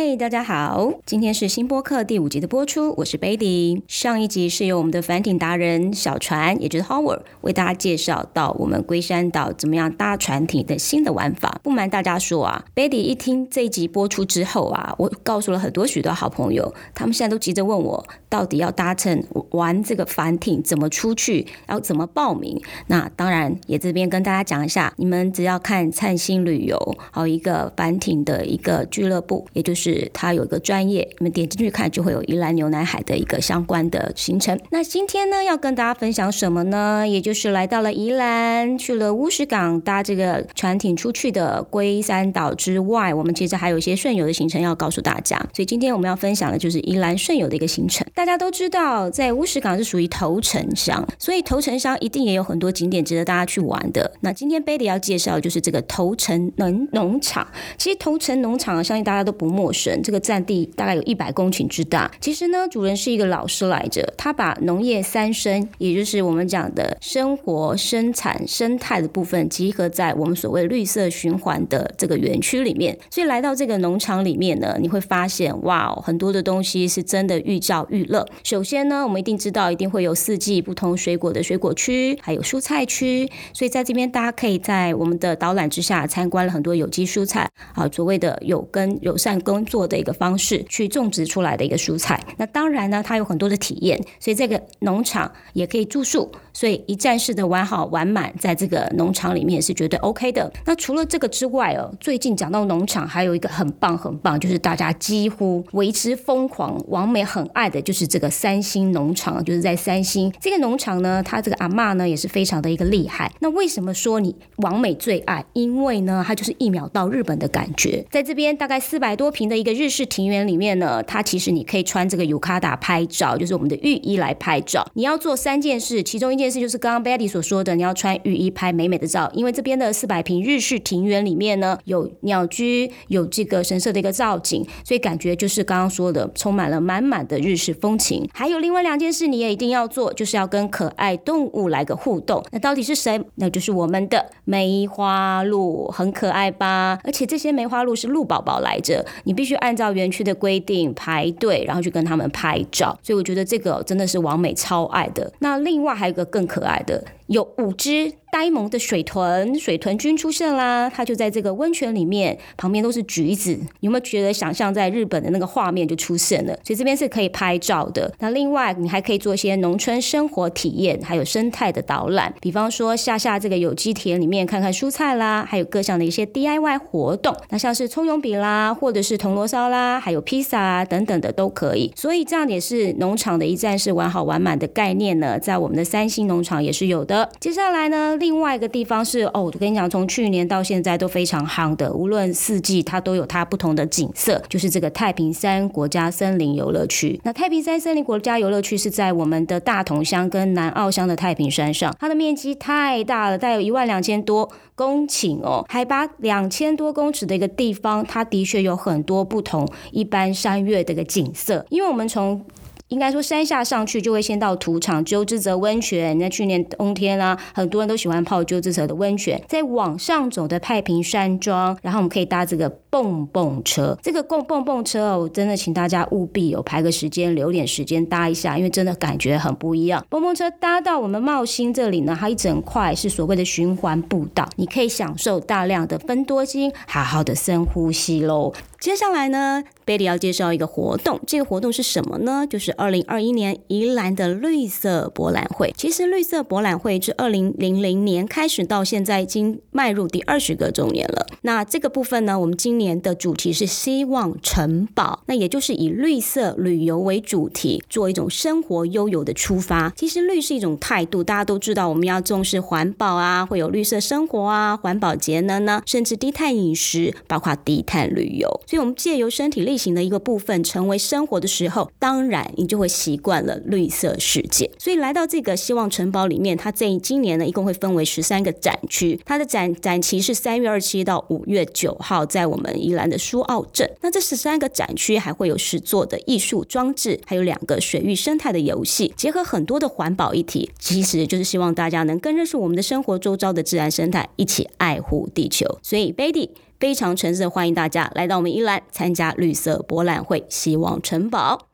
嗨、hey，大家好，今天是新播客第五集的播出，我是 Betty。上一集是由我們的帆艇達人小船，也就是 Howard，為大家介紹到我們龜山島怎麼樣搭船艇的新的玩法。不瞞大家說啊，Betty 一聽這一集播出之後啊，我告訴了很多許多好朋友，他們現在都急着問我，到底要搭乘玩這個帆艇怎麼出去，要怎麼報名？那當然也這邊跟大家講一下，你們只要看燦星旅遊，還有一個帆艇的一個俱樂部，也就是。是它有一個專頁，你們點進去看就會有宜蘭牛奶海的一個相關的行程。那今天呢要跟大家分享什麼呢？也就是來到了宜蘭，去了烏石港搭這個船艇出去的龜山島之外，我們其實還有一些順遊的行程要告訴大家。所以今天我們要分享的就是宜蘭順遊的一個行程。大家都知道，在烏石港是屬於頭城鄉，所以頭城鄉一定也有很多景點值得大家去玩的。那今天 Betty 要介紹就是這個頭城農農場。其實頭城農場，相信大家都不陌。這個占地大概有一百公頃之大。其實呢，主人是一個老師來着，他把農業三生，也就是我們講的生活、生產、生態的部分，集合在我們所謂綠色循環的這個園區裡面。所以來到這個農場裡面呢，你會發現，哇，很多的東西是真的寓教於樂。首先呢，我們一定知道，一定會有四季不同水果的水果區，還有蔬菜區。所以在這邊，大家可以在我們的導覽之下參觀了很多有機蔬菜啊，所謂的有根友善工做的一個方式去種植出來的一個蔬菜，那當然呢，它有很多的體驗，所以這個農場也可以住宿，所以一站式的玩好玩滿，在這個農場裡面也是絕對 OK 的。那除了這個之外哦，最近講到農場還有一個很棒很棒，就是大家幾乎為之瘋狂，王美很愛的就是這個三星農場，就是在三星這個農場呢，它這個阿嬤呢也是非常的一個厲害。那為什麼說你王美最愛？因為呢，它就是一秒到日本的感覺，在這邊大概四百多坪的。一個日式庭園裡面呢，它其實你可以穿這個 yukata 拍照，就是我們的浴衣來拍照。你要做三件事，其中一件事就是剛剛 Betty 所說的，你要穿浴衣拍美美的照。因為這邊的四百平日式庭園裡面呢，有鳥居，有這個神社的一個造景，所以感覺就是剛剛說的，充滿了滿滿的日式風情。還有另外兩件事你也一定要做，就是要跟可愛動物來個互動。那到底是誰？那就是我們的梅花鹿，很可愛吧？而且這些梅花鹿是鹿寶寶來着，你必。去按照園區的規定排隊，然後去跟他們拍照，所以我覺得這個真的是網美超愛的。那另外還有一個更可愛的，有五只。呆萌的水豚，水豚君出現啦！它就在這個溫泉裡面，旁邊都是橘子，你有沒有覺得想象在日本的那個畫面就出現了？所以這邊是可以拍照的。那另外你還可以做一些農村生活體驗，還有生態的導覽，比方說下下這個有機田裡面看看蔬菜啦，還有各項的一些 DIY 活動，那像是蔥油餅啦，或者是銅鑼燒啦，還有披薩啊等等的都可以。所以這樣也是農場的一站式玩好玩滿的概念呢，在我們的三星農場也是有的。接下來呢？另外一個地方是哦，我跟你講，從去年到現在都非常夯的，無論四季它都有它不同的景色，就是這個太平山國家森林遊樂區。那太平山森林國家遊樂區是在我們的大同鄉跟南澳鄉的太平山上，它的面積太大了，大概有一萬兩千多公頃哦，海拔兩千多公尺的一個地方，它的確有很多不同一般山岳的一個景色，因為我們從應該說，山下上去就會先到土場鳩之澤溫泉。那去年冬天啊，很多人都喜歡泡鳩之澤的溫泉。再往上走的太平山莊，然後我們可以搭這個蹦蹦車。這個蹦蹦車哦，我真的請大家務必有、哦、排個時間，留點時間搭一下，因為真的感覺很不一樣。蹦蹦車搭到我們茂興這裡呢，它一整塊是所謂的循環步道，你可以享受大量的芬多精，好好的深呼吸嘍。接下來呢 Betty 要介紹一個活動。這個活動是什麼呢？就是二零二一年宜蘭的綠色博覽會。其實綠色博覽會自二零零零年開始到現在，已經，邁入第二十個週年了。那這個部分呢，我們今年的主題是希望城堡，那也就是以綠色旅遊為主題，做一種生活悠遊的出發。其實綠是一種態度，大家都知道我們要重視環保啊，會有綠色生活啊，環保節能呢、啊，甚至低碳飲食，包括低碳旅遊。所以，我們借由身體類型的一個部分成為生活的時候，當然你就會習慣了綠色世界。所以來到這個希望城堡裡面，它這今年呢，一共會分為十三個展區，它的展。展期是三月二十七到五月九號，在我們宜蘭的蘇澳鎮。那這十三個展區還會有十座的藝術裝置，還有兩個水域生態的遊戲，結合很多的環保議題，其實就是希望大家能更認識我們的生活周遭的自然生態，一起愛護地球。所以，Betty 非常誠摯的歡迎大家來到我們宜蘭參加綠色博覽會，希望城堡。